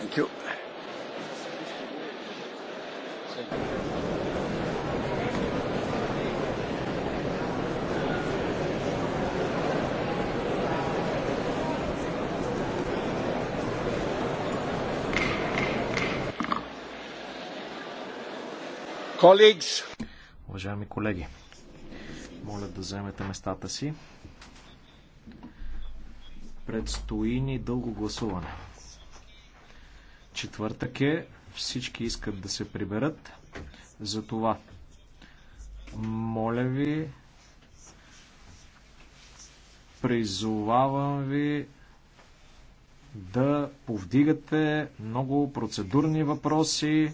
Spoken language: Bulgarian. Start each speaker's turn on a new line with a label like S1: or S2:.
S1: Thank you.
S2: Colleagues. Уважаеми колеги, моля да вземете местата си. Предстои ни дълго гласуване. Четвъртък е, всички искат да се приберат. Затова, моля ви, призовавам ви да повдигате
S3: много процедурни въпроси,